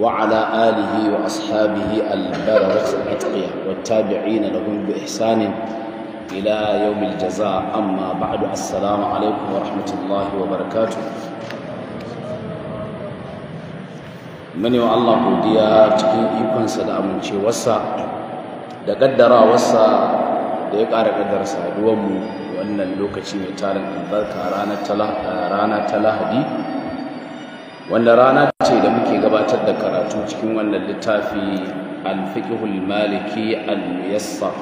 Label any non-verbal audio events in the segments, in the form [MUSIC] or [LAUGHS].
وعلى آله وأصحابه البررة الأتقياء والتابعين لهم بإحسان إلى يوم الجزاء أما بعد السلام عليكم ورحمة الله وبركاته من يو الله godiya cikin ikonsa da amincewarsa da kaddarawarsa da ya ƙara ƙaddar saduwarmu wannan lokaci mai tarin albarka rana ta lahadi wanda rana ce da muke gabatar da karatu cikin wannan littafi alfikihul maliki al-muyassar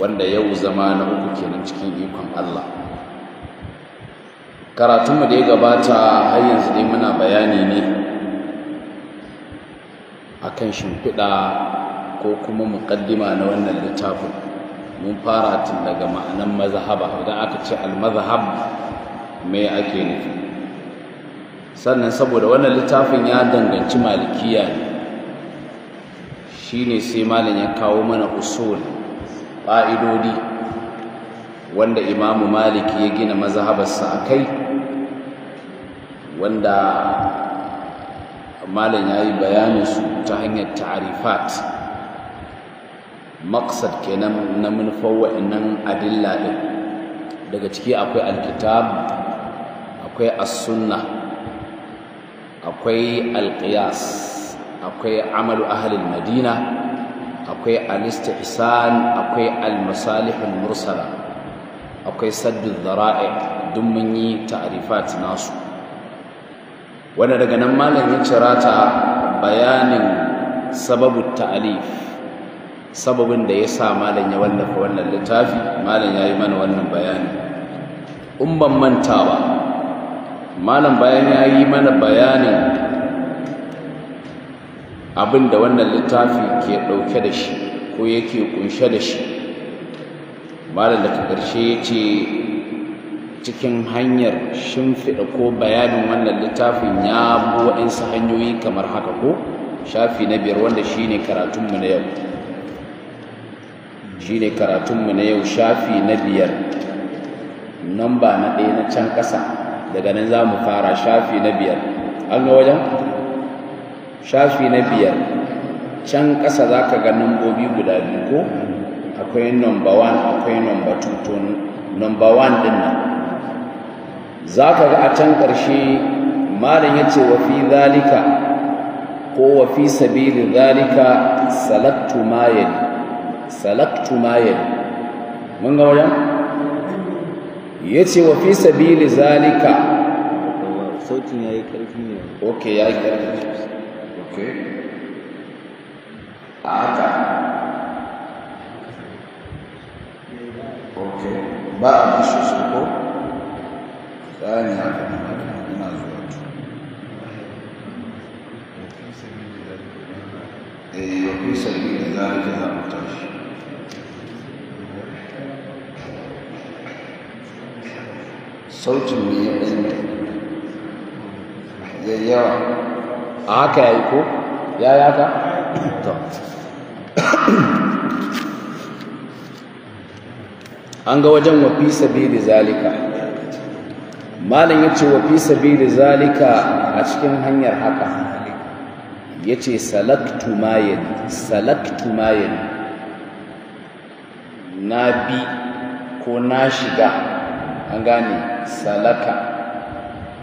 wanda yau zama na uku kenan cikin ikon Allah karatunmu da ya gabata har yanzu dai muna bayani ne akan shimfiɗa ko kuma muƙaddima na wannan littafin mun fara tun daga ma'anan mazhaba idan aka ce al-mazhab me ake nufi sannan saboda wannan littafin ya danganci malikiya ne shi ne sai malam ya kawo mana usul ƙa'idodi wanda imamu malik ya gina mazahabarsa a kai wanda malam ya yi bayaninsu ta hanyar ta'arifat maksad kenan na manufar wainan adilla ɗin daga ciki akwai alkitab akwai as-sunnah akwai alkiyas akwai amalu ahalin madina akwai alistihsan akwai almasalihun mursala akwai saddin zara'i duk mun yi ta'arifat nasu wanda daga nan malamin ya cira ta bayanin sababu ta'alif sababin da ya sa malam ya wallafa wannan littafi malam ya yi mana wannan bayani in ban mantawa malam bayan ya yi mana bayanin abin da wannan littafi ke ɗauke da shi ko yake kunshe da shi malam daga ƙarshe ya ce cikin hanyar shimfiɗa ko bayanin wannan littafin ya bu waɗansu hanyoyi kamar haka ko shafi na biyar wanda shi ne karatunmu na yau shi ne karatunmu na yau shafi na biyar ba na ɗaya na can ƙasa daga nan za mu fara shafi na biyar an wajen shafi na biyar can ƙasa za ka ga nambobi guda biyu ko akwai nomba 1 akwai nomba 2 to nomba 1 din nan za ka ga a can ƙarshe malam ya ce wa fi zalika ko wa fi sabili zalika salaktu mayali salaktu mayali mun ga wajen ya ce wa fi sabili zalika sautin ya yi ƙarfi ne ok ya yi ƙarfi ok a haka ok ba a ko sautin ne ya ɗanta zai yawa a haka ya yi ko ya yi haka? to an ga wajen wafi sabi da zalika malin ya ce wafi sabi da zalika a cikin hanyar haka ya ce salaktu mayan salaktu mayan na bi ko na shiga an gane salaka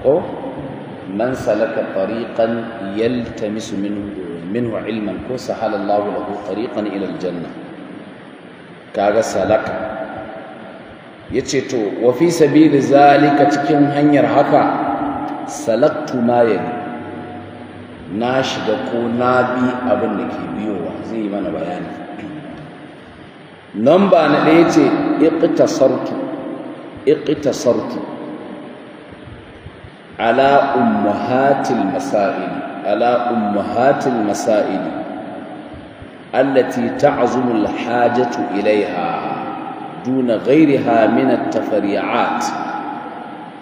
ko man salaka tariqan yaltamisu minhu minhu ilman ko sahala Allahu lahu tariqan ila aljanna kaga salaka yace to wa fi sabili zalika cikin hanyar haka salaktu ma yani na shiga ko na bi abin da ke biyowa zai yi mana bayani nan ba na ɗaya ce iqtasartu اقتصرت على أمهات المسائل على أمهات المسائل التي تعظم الحاجة إليها دون غيرها من التفريعات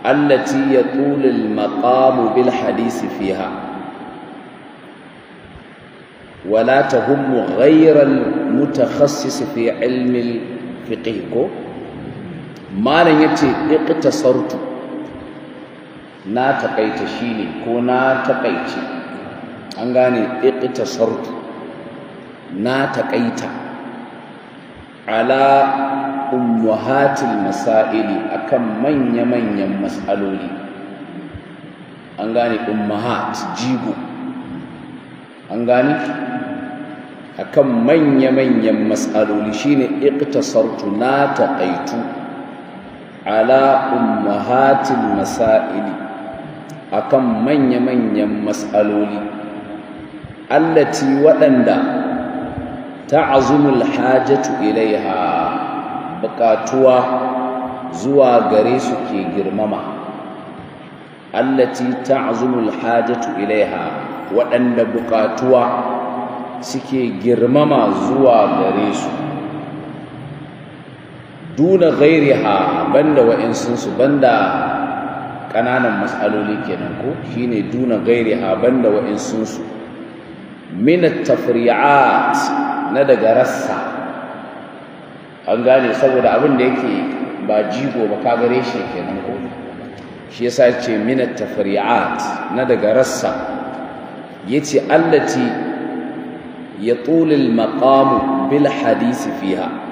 التي يطول المقام بالحديث فيها ولا تهم غير المتخصص في علم الفقه malam yace iqtasartu na takaita shine ko na takaice an gane iqtasartu na takaita ala ummahatil masaili akan manya-manyan mas'aloli an gane ummahat jigo an gane akan manya-manyan mas'aloli shine iqtasartu na taƙaitu. ala ummahatil masaili akan manya-manyan matsaloli allati waɗanda ta'azumul hajatu ilaiha buƙatuwa zuwa gare su ke girmama allati ta'azumul hajatu ilaiha waɗanda buƙatuwa suke girmama zuwa gare su duna ghairiha banda wa'insunsu, banda ƙananan matsaloli kenan ko ne duna ghairiha banda wa'insunsu. su min na daga rassa an gane saboda abin da yake ba jigo ba ka gare shi kenan ko shi yasa yace min at na daga rassa yace allati yatul al-maqam bil hadisi fiha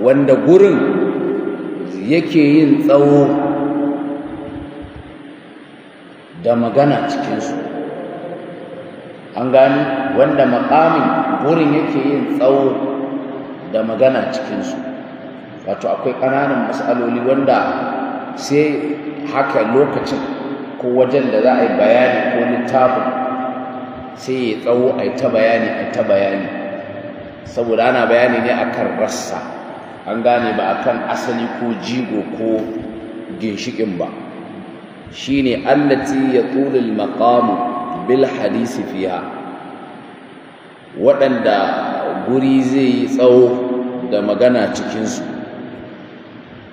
wanda gurin yake yin tsawo da magana cikinsu an gani wanda makamin gurin yake yin tsawo da magana cikinsu wato akwai ƙananan matsaloli wanda sai haka lokacin ko wajen da za a yi bayani ko littafin sai ya tsawo a yi ta bayani a ta bayani saboda ana bayani ne a kan rassa an gane ba akan asali ko jigo ko ginshikin ba shine allati ya al-maqam bil hadisi fiya. waɗanda guri zai yi tsawo da magana cikinsu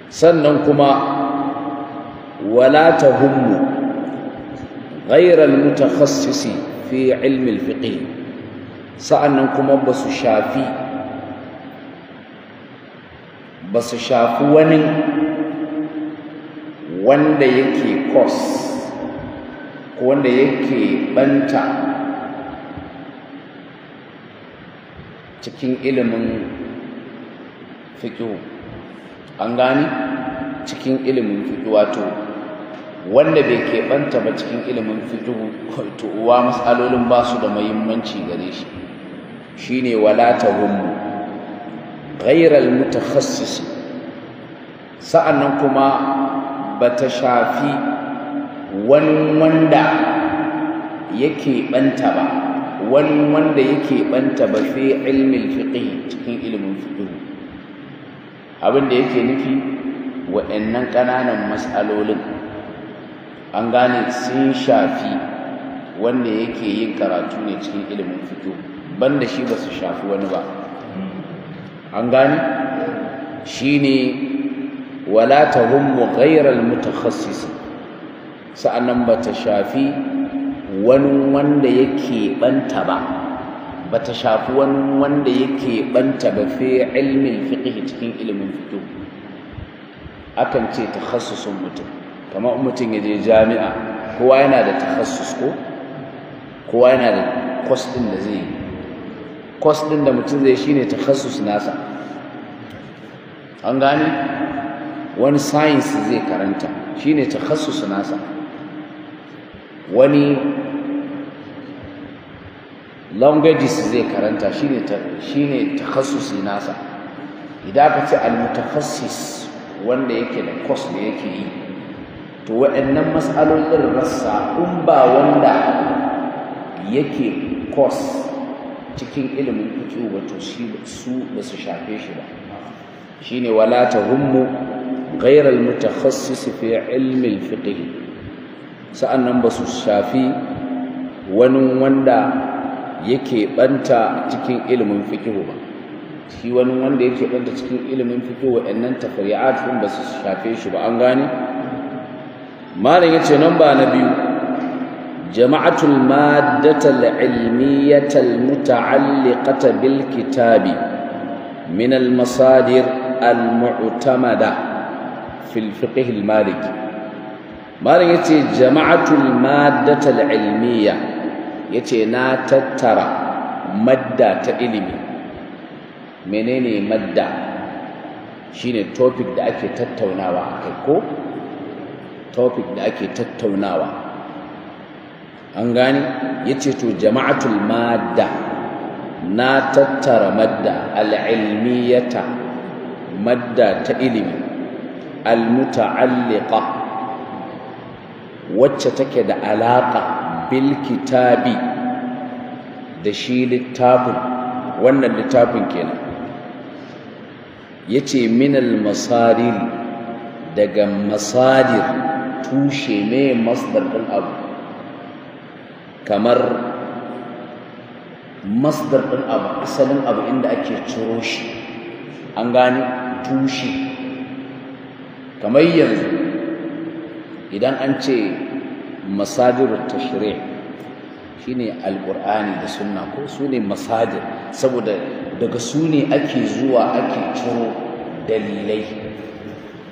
sannan kuma wala tahummu ghayra al-mutakhassisi fi ilmi al sa'annan kuma basu shafi ba su shafi wani wanda yake kos ko wanda yake banta cikin ilimin fiƙo an gani cikin ilimin fiƙo wato wanda bai keɓanta ba cikin ilimin fiƙo to uwa matsalolin ba su da muhimmanci gare shi shine wala ta hummu ghairal mutakhassisi sa'annan kuma bata shafi wani wanda yake banta ba wani wanda yake banta ba fi ilmin fiqh cikin ilmin fiqh abin da yake nufi waɗannan ƙananan masalolin an gane sun shafi wanda yake yin karatu ne cikin ilimin fiqh banda shi ba su shafi wani ba an gane shine wala tahummu ghayral mutakhassis sa'annan bata shafi wani wanda yake banta ba bata shafi wani wanda yake banta ba fi ilmin fiqh cikin ilimin fiqh akan ce takhassusun mutum kamar mutum ya je jami'a kowa yana da takhassus ko kowa yana da kwas ɗin da zai yi kwas ɗin da mutum zai shine takhassus nasa an gane wani science zai karanta shine takhassus nasa wani languages zai karanta shine shine takhassusi nasa idan ka ce al-mutakhassis wanda yake da kwas da yake yi to waɗannan mas'alolin rassa in ba wanda yake course cikin ilimin fiqh wato shi su ba su shafe shi ba shine wala tahummu ghayr al-mutakhassis fi ilmi al-fiqh sa'annan ba su shafi wani wanda yake banta cikin ilimin fiqh ba shi wani wanda yake banta cikin ilimin fiqh wa'annan tafari'at din ba su shafe shi ba an gane malam yace nan ba na biyu جماعة المادة العلمية المتعلقة بالكتاب من المصادر المعتمدة في الفقه المالكي مالك يتي جماعة المادة العلمية يتي ناتترى مادة علمي منيني مادة shine topic da ake tattaunawa akai ko topic da ake tattaunawa an gane yace to jama'atul madda na tattara madda al'ilmiyata madda ta ilimi muta'alliƙa wacce take da alaƙa bilkitabi da shi littafin wannan littafin kenan yace minal masarir daga masarir tushe ne masdar ɗin abu kamar masdar ɗin abu asalin abu inda ake ciro shi an gane tushe kamar yanzu idan an ce masadir tashri shine alƙur'ani da sunna ko su ne masadir saboda daga su ne ake zuwa ake ciro dalilai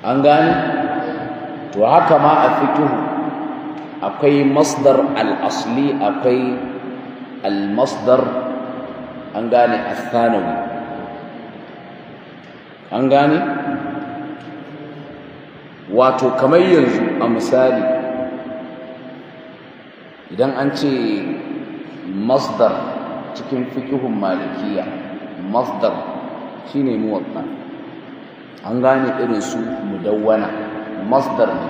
an gane to haka ma a fituhu akwai masdar al akwai al-masdar an gane al-thanawi an gane wato kamar yanzu a misali idan an ce masdar cikin fikihun malikiya masdar shine muwatta an gane irin su mudawwana masdar ne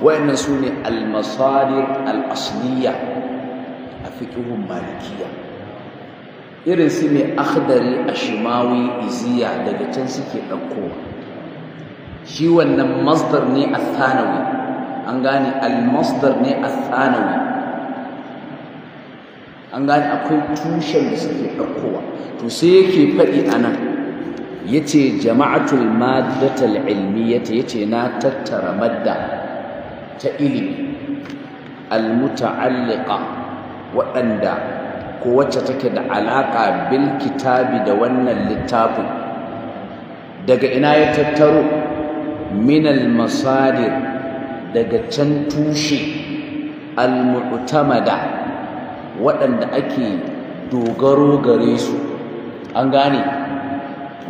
wayannan su ne almasadir al'asliya a fikihun malikiya irin su ne akhdari a shimawi iziya daga can suke ɗaukowa shi wannan masdar ne a thanawi an gane almasdar ne a thanawi an gane akwai tushen da suke ɗaukowa to sai yake faɗi a nan ya ce jama'atul maddatal ilmiyyata ya ce na tattara madda ta ilimi almuta'alliqa waɗanda ko wacce take da alaƙa bil kitabi da wannan littafin daga ina ya tattaro minal almasadir daga can tushe almu'tamada waɗanda ake dogaro gare su an gane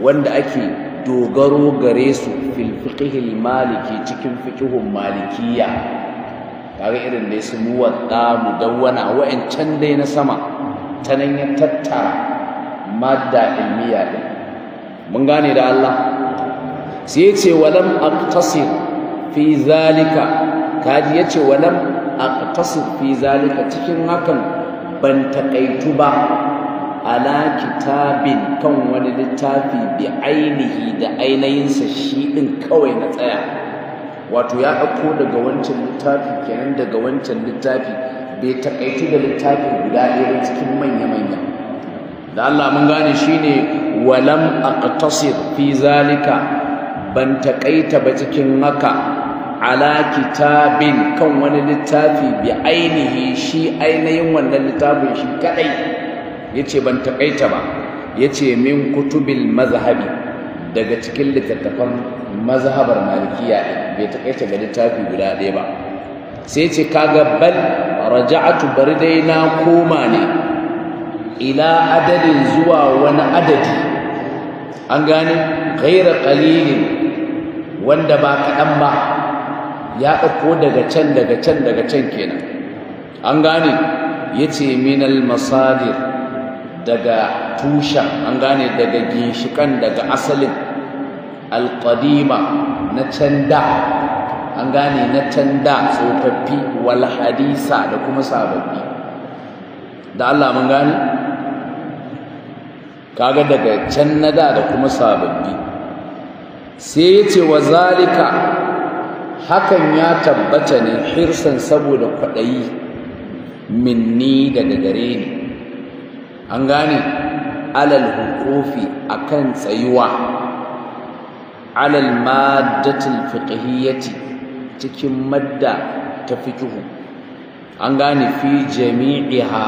wanda ake dogaro gare su fil fiqhil maliki cikin fiƙihun malikiya kaga irin da su muwatta mudawwana wa'ancan dai na sama ta nan ya tattara madda ilmiya din mun gane da Allah sai yace walam aqtasir fi zalika kaji yace walam aqtasir fi zalika cikin hakan ban takaitu ba ala kitabin kan wani littafi bi ainihi da ainihinsa shi ɗin kawai na tsaya wato ya ɗauko daga wancan littafi kenan daga wancan littafi bai takaitu da littafi guda ɗaya cikin manya-manya da Allah mun gane shine walam aqtasir fi zalika ban taƙaita ba cikin haka ala kitabin kan wani littafi bi ainihi shi ainihin wannan littafin shi kadai. yace ban takaita ba yace min kutubil mazhabi daga cikin littattafan mazhabar malikiya bai takaita ga littafi guda ɗaya ba sai ce kaga bal raja'atu bari dai na koma ne ila adadin zuwa wani adadi an gane ghaira qalilin wanda ba kaɗan ba ya ɗauko daga can daga can daga can kenan an gane yace minal masadir daga tushen an gane daga ginshikan daga asalin alƙadima na can da an gane na can da tsofaffi wal hadisa da kuma sababbi da Allah mun gane kaga daga can na da da kuma sababbi sai ya ce wa zalika hakan ya tabbata ne hirsan saboda kwaɗayi minni daga gare ni an gane alal hukufi kan tsayuwa alal madatul fiqhiyyati cikin madda ta fiqhu an gane fi jami'iha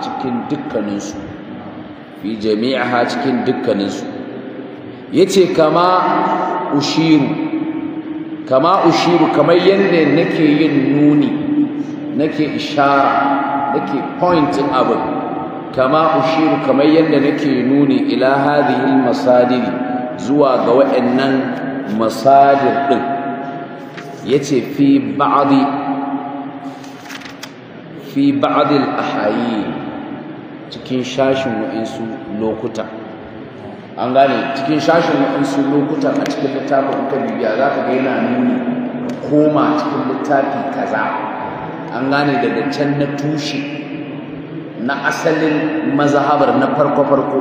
cikin dukkaninsu fi jami'iha cikin dukkaninsu yace kama ushiru kama ushiru kamar yadda nake yin nuni nake ishara nake pointin abin kama ushiru kamar yadda nake nuni ila hadhihi masadir zuwa ga waɗannan masadir din yace fi ba'd fi ba'd cikin shashin wa'insu lokuta lokutan a cikin littafin ka bibiya za ka ga yana nuni koma cikin littafi kaza an gane daga can na tushe na asalin mazhabar na farko-farko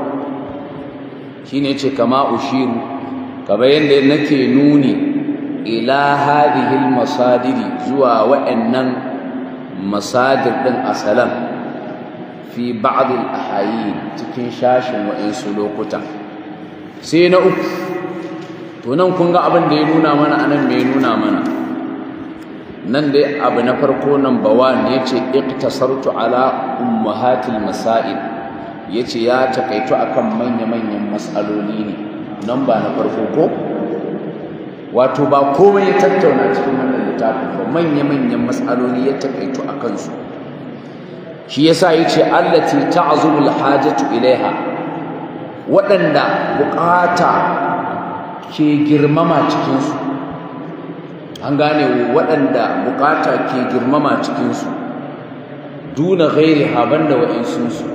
shi ne ce kama ushiru kamar yadda nake nuni ila masadiri zuwa wa'annan masadir ɗin asalan fi ba'dil ahayi cikin shashin wa'insu lokutan sai na uku to nan kun ga abin da ya nuna mana anan mai nuna mana nan dai abu na farko nan bawan ya ce iktasartu ala ummahatil masail ce ya takaitu akan manya-manyan matsaloli ne nan ba na farko ko wato ba komai ya tattauna cikin wannan littafin ba manya-manyan matsaloli ya takaitu a kansu shi yasa ce allati ta'zumul hajatu ilaiha waɗanda bukata ke girmama cikinsu an gane waɗanda bukata ke girmama cikinsu duna gairi haban da wa'insunsu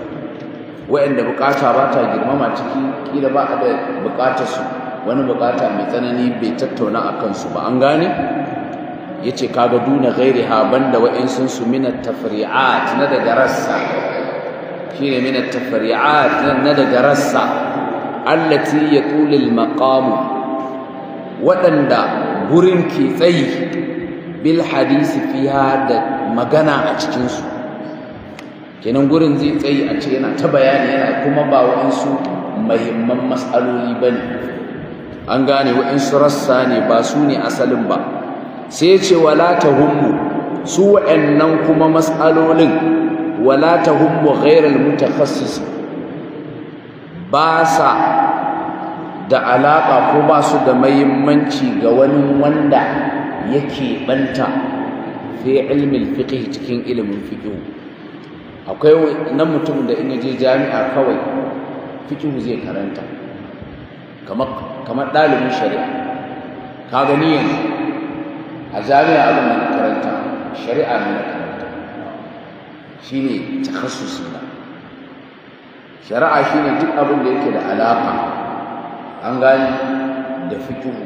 waɗanda bukata ba ta girmama ciki ƙila ba a da su wani bukata mai tsanani bai tattauna a kansu ba an gane ya ce kaga duna gairi haban da wa'insunsu minar tafari'at na daga rassa shi ne minar tafari'at na daga rassa allati ya tulil maƙamu waɗanda gurin ke tsayi bil hadisi fiya da magana a cikinsu kenan gurin zai tsayi a ce yana ta bayani yana kuma ba wa'insu mahimman matsaloli ba ne an gane wa'insu rassa ne ba su ne asalin ba sai ce wala ta hummu su wa'annan kuma matsalolin wala ta hummu ghairal mutakhassis ba sa da alaƙa ko ba su da mahimmanci ga wani wanda yake banta fi ilmin fiqh cikin ilimin fiqh akwai nan mutum da in je jami'a kawai fiqh zai karanta kamar kamar ɗalibin shari'a ka gani yanzu a jami'a abin da na karanta shari'a ne na karanta shine takhassusi na shari'a shi ne duk abin da yake da alaƙa an gani da fikihu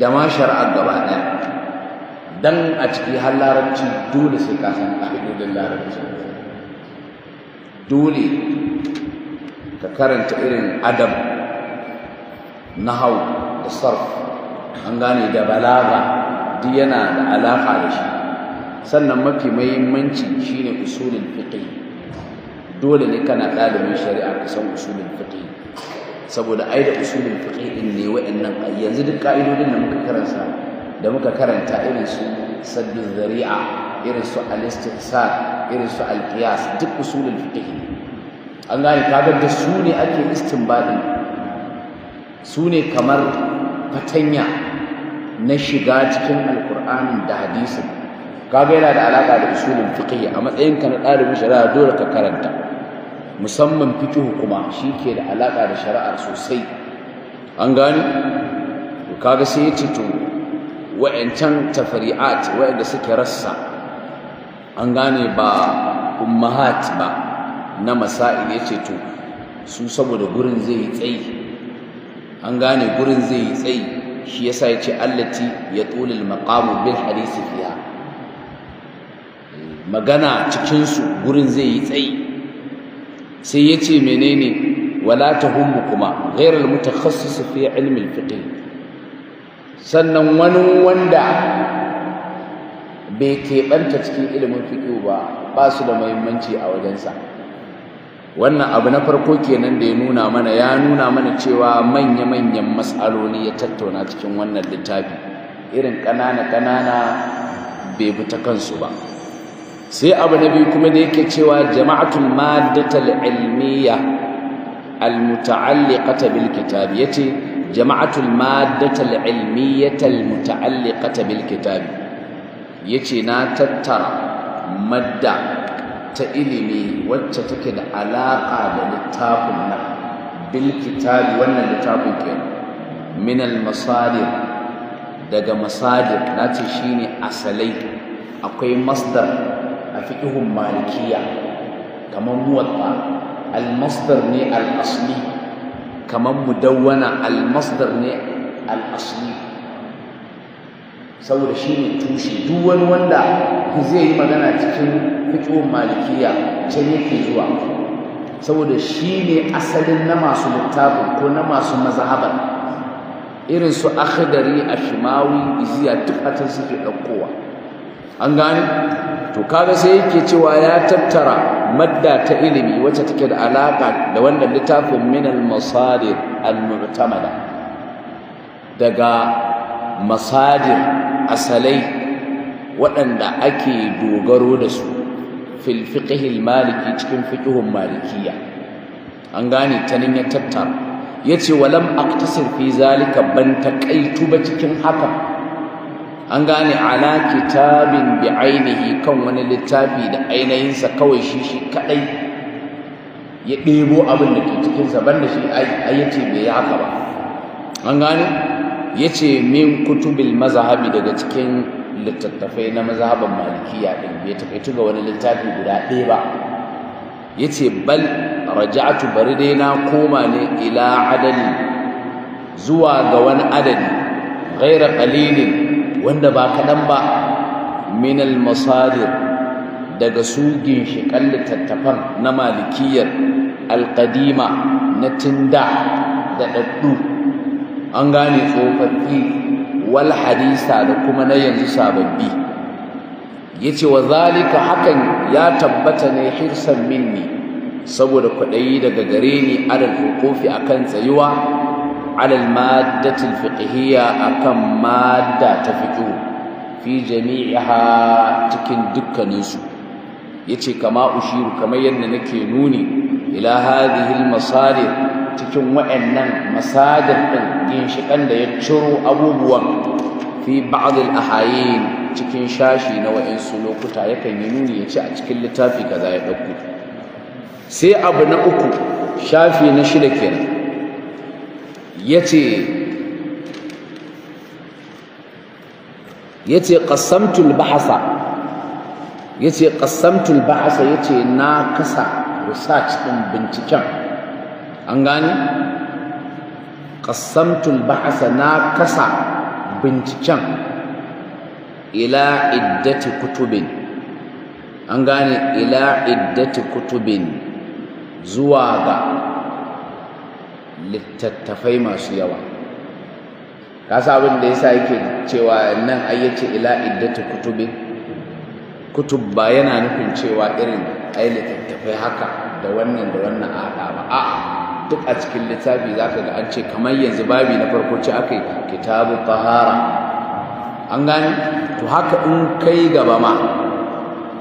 da ma shari'ar gaba ɗaya dan a ciki har larabci dole sai ka san ƙa'idodin larabci dole ka karanta irin adam na hau da sarf an gane da balaga duk yana da alaƙa da shi sannan mafi mahimmanci shine usulin fiqh dole ne kana ɗalibin shari'a ka san usulin fiqh saboda ai da usulul fiqh ne waɗannan yanzu duk ka'idodin da muka karanta da muka karanta irin su saddu zari'a irin su al-istihsan irin su al-qiyas duk usulul fiqh ne an gane kaga da su ne ake istinbadin su ne kamar fatanya na shiga cikin alkur'anin da hadisin kaga yana da alaka da usulin fiqh a matsayin ka na ɗalibin shari'a dole ka karanta musamman fiqhu hukuma shi ke da alaƙa da shari'ar sosai an gane to kaga sai ya ce to wa'ancan tafari'at wa'anda suke rassa an gane ba ummahat ba na masail ya ce to su saboda gurin zai yi tsayi an gane gurin zai yi tsayi shi yasa ya ce allati ya tulil maqamu bil hadisi fiha magana cikin su gurin zai yi tsayi sai ya mene menene wala hunmu kuma ghairal mutakhassis su fiye ilmin fiɗe sannan wani wanda bai keɓanta cikin ilimin fiɗe ba ba su da mahimmanci a wajensa wannan abu na farko kenan da ya nuna mana ya nuna mana cewa manya-manyan matsaloli ya tattauna cikin wannan littafi irin ƙanana-ƙanana bai bi ta kansu ba sai abu na biyu kuma da yake cewa jama'atul maddatal ilmiya almuta'alliqata bil kitab yace jama'atul maddatal ilmiyata almuta'alliqata bil kitab yace na tattara madda ta ilimi wacce take da alaka da littafin nan bil wannan littafin kenan min al masadir daga masadir nace shine asalai akwai masdar a fiqhun malikiya kamar muwatta al ne al kamar mudawwana al ne al saboda shi ne tushe duk wani wanda zai yi magana cikin fiqhun malikiya can yake zuwa saboda ne asalin na masu littafin ko na masu mazhabar irin su akhdari ashimawi iziya duk a can suke ɗaukowa an gane to kaga sai yake cewa ya tattara madda ta ilimi wacce take da alaka da wannan littafin min al-masadir al-mu'tamada daga masadir asalai waɗanda ake dogaro da su fil fiqh al-maliki cikin fiqhun malikiya an gane ta nan ya tattara yace walam aqtasir fi zalika ban taqaitu ba cikin haka an gane ala kitabin bi ainihi kan wani littafi da ainihinsa kawai shi shi kadai ya ɗebo abin da ke cikinsa banda shi ayyace bai yi haka ba an gane ya ce min kutubil mazhabi daga cikin littattafai na mazhaban malikiya ɗin bai taƙaitu ga wani littafi guda ɗaya ba ya ce bal raja'atu bari dai na koma ne ila adali zuwa ga wani adadi ghaira qalilin wanda ba kaɗan ba min masadir daga su ginshiƙan littattafan na malikiyar alƙadima na tinda da ɗaɗɗu an gane tsofaffi wal hadisa da kuma na yanzu sababbi yace wa zalika hakan ya tabbata ne hirsan minni saboda kwaɗayi daga gare ni kofi hukufi akan tsayuwa alal maddatil fiqhiyya akan madda ta fiqhu fi jami'iha cikin dukkaninsu yace kama ushiru kamar yadda nake nuni ila hadhihi al cikin wa'annan masadir din ginshikan da ya ciro abubuwan fi ba'd al-ahayin cikin shashi na wa'ansu lokuta yakan yi nuni yace a cikin littafi kaza ya dauko sai abu na uku shafi na shida kenan yace yace qasamtul bahasa yace qasamtul bahasa yace na kasa research din binciken an gane qasamtul bahasa na kasa binciken ila iddati kutubin an gane ila iddati kutubin zuwa ga littattafai masu yawa kasa abin da yasa yake cewa nan ayyace ila iddatu kutubi kutub ba yana nufin cewa irin ai littattafai haka da wannan da wannan a'a ba a'a duk a cikin littafi zaka ga an ce kamar yanzu babi na farko ce aka yi kitabu tahara an gani to haka in kai gaba ma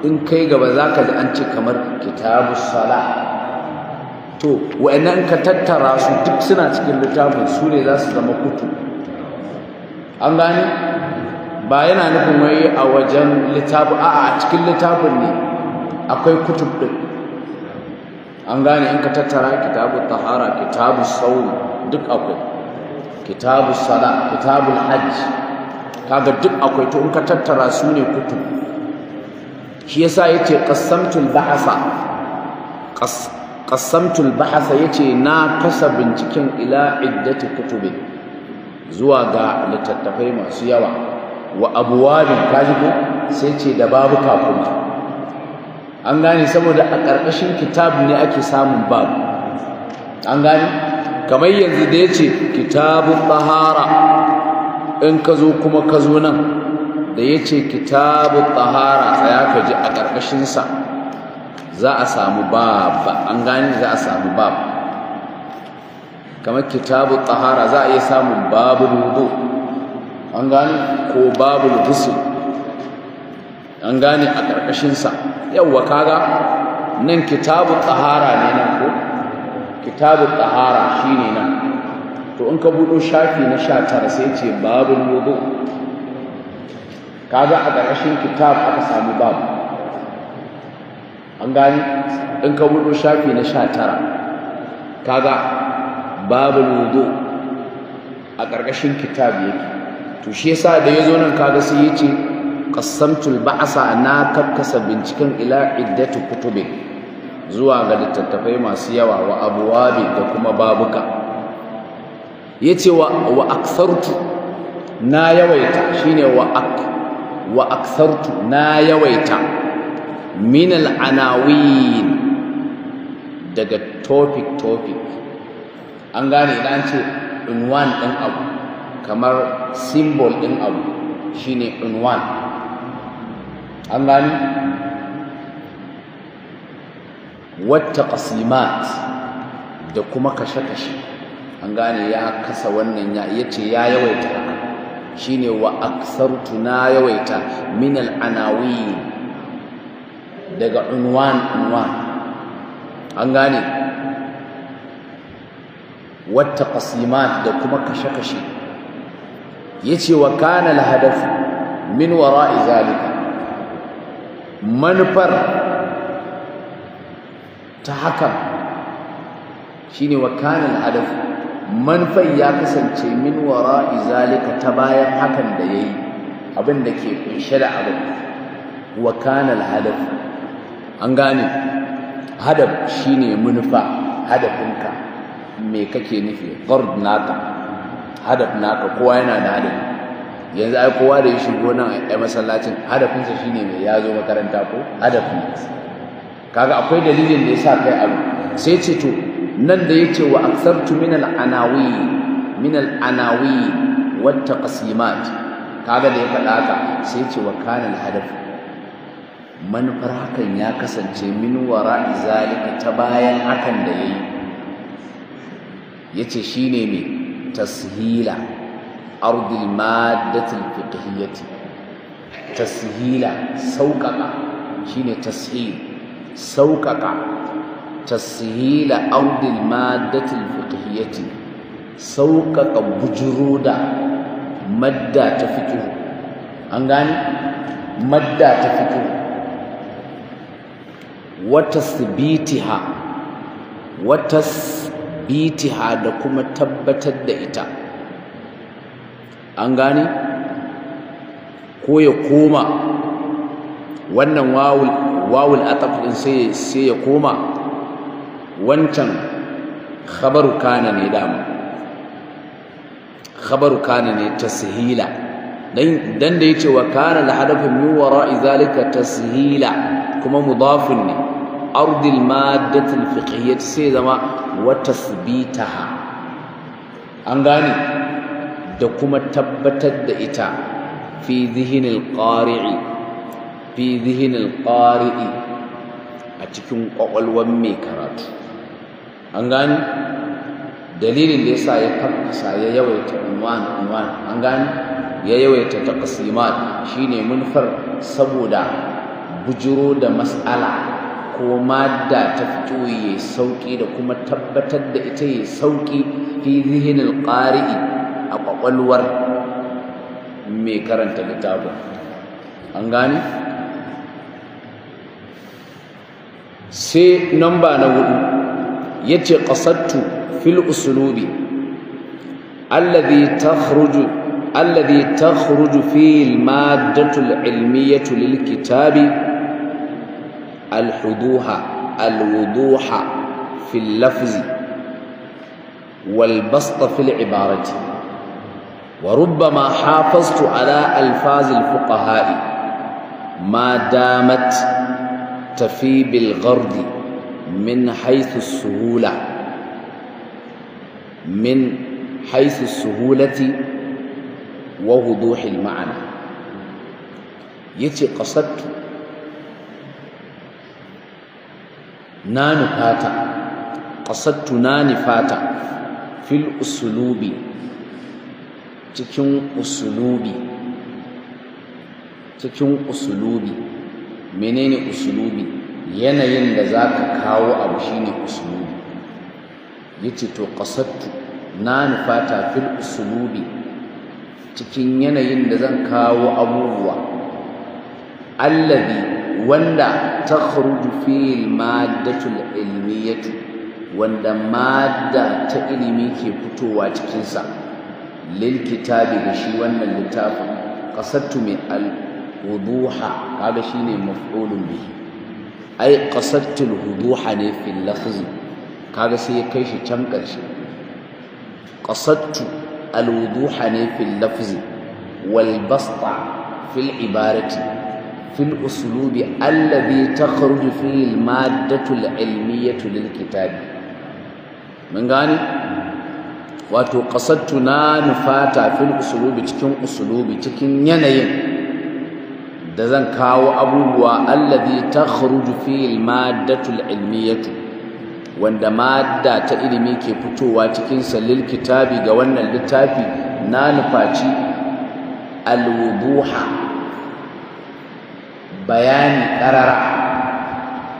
in kai gaba zaka ji an ce kamar kitabu salah to wa'annan ka tattara su duk suna cikin littafin su ne za su zama kutu an gane ba yana nufin wai a wajen littafin a a cikin littafin ne akwai kutub din an gane in ka tattara kitabun tahara kitabun sauri duk akwai kitabun sala kitabun hajji kaga duk akwai to in ka tattara su ne kutub shi yasa yace qassamtul ba'sa qas qassamtul bahasa yace na kasa binciken ila iddati kutubin zuwa ga littattafai masu yawa wa abwabin kaji sai ce da babu kuma an gane saboda a ƙarƙashin kitab ne ake samun babu an gane kamar yanzu da yace kitabun tahara in ka zo kuma ka zo nan da yace kitabun tahara tsaya ka ji a ƙarƙashinsa za a samu bab an gane za a samu bab kamar kitabu tahara za a iya samun babu rubu an gane ko babu rubusu an gane a ƙarƙashin sa yawwa kaga nan kitabu tahara ne nan ko kitabu tahara shine nan to in ka buɗo shafi na sha tara sai ce babu rubu kaga a ƙarƙashin kitab aka samu babu an gani in ka buɗo shafi na sha tara kaga babu ludo a ƙarƙashin kitab yake to shi yasa da ya zo nan kaga sai ya ce qassamtul ba'sa na kakkasa binciken ila iddatu kutubin zuwa ga littattafai masu yawa wa abuwabi da kuma babuka yace wa wa aksartu na yawaita shine wa ak wa aksartu na yawaita min al'anawin daga topic topic an gane idan ce unwan ɗin abu kamar symbol ɗin abu shine unwan an gane wata ƙasimat da kuma kashe-kashe an gane ya kasa wannan ya ce ya yawaita shine wa aksartu na yawaita min al'anawin daga unwan unwan an gane wata qasimat da kuma kashe-kashe yace wa kana al min wara'i zalika manufar ta hakan shine wa kana al-hadaf manufar ya kasance min wara'i zalika ta bayan hakan da yayi abin da ke kunshe da abin wa kana al an gane hadaf shine manufa hadafinka me kake nufi gard naka hadaf naka kowa yana da hadafi yanzu ai kowa da ya shigo nan a masallacin hadafinsa shine mai ya zo makaranta ko hadafin kaga akwai dalilin da ya sa kai abu sai ce to nan da ce wa aksartu min al-anawi min al-anawi wat taqsimat kaga da ya faɗa ka sai ce wa kana al manufar hakan ya kasance min wara zalika ta bayan hakan da ya Ya yi. ce shi ne me tashila ardil maddatil fiqhiyyati tashila sauƙaƙa ne tashil sauƙaƙa tashila ardil maddatil fiqhiyyati sauƙaƙa bujuro da madda ta fito an gane madda ta fito watasbitiha watasbitiha da kuma tabbatar da ita an gane ko ya koma wannan wawul wawul ataf din sai ya koma wancan khabaru kana ne dama khabaru kana ne tashila dan da yace wa kana al hadafu min wara'i zalika tashila kuma mudafun ne ardil maddatil fiqhiyyah sai zama wa tasbitaha an gane da kuma tabbatar da ita fi zihinil qari'i fi zihinil qari'i a cikin kwakwalwan mai karatu an gane dalilin da yasa ya karkasa ya yawaita unwan an ya yawaita shine munfar saboda bujuro da mas'ala ɗauko da ta fito ya sauƙi da kuma tabbatar da ita ya sauƙi fi zihinil ƙari'i a ƙwaƙwalwar mai karanta littafin an gane sai namba na hudu ya ce ƙasattu fil usulubi alladhi takhruju fi al ilmiyatu lil kitabi الحدوها الوضوح في اللفظ والبسط في العبارة وربما حافظت على ألفاظ الفقهاء ما دامت تفي بالغرض من حيث السهولة من حيث السهولة ووضوح المعنى يتي قصدت na fata, ƙasattu na fata fil usulubi cikin usulubi cikin usulubi menene usulubi yanayin da zaka kawo abu shine usulubi yace to ƙasattu na fata fil usulubi cikin yanayin da zan kawo abubuwa allabi wanda takhruju fil maddatul ilmiyatu wanda madda ta ilimi ke fitowa cikin sa lil kitabi da shi wannan littafin qasadtu min al wuduha kaga shine maf'ulun bihi ai qasadtu al wuduha ne fil lafzi kaga sai ya kai shi can karshe qasadtu al wuduha ne fil lafzi wal basta fil ibarati في الأسلوب الذي تخرج فيه المادة العلمية للكتاب من غاني wato ƙasattu na nufata fil usulubi cikin usulubi cikin yanayin da zan kawo abubuwa allazi takhruju fil maddatul ilmiyatu wanda madda ta ilimi ke fitowa cikin salil kitabi ga wannan littafi na nufaci alwubuha bayani ƙarara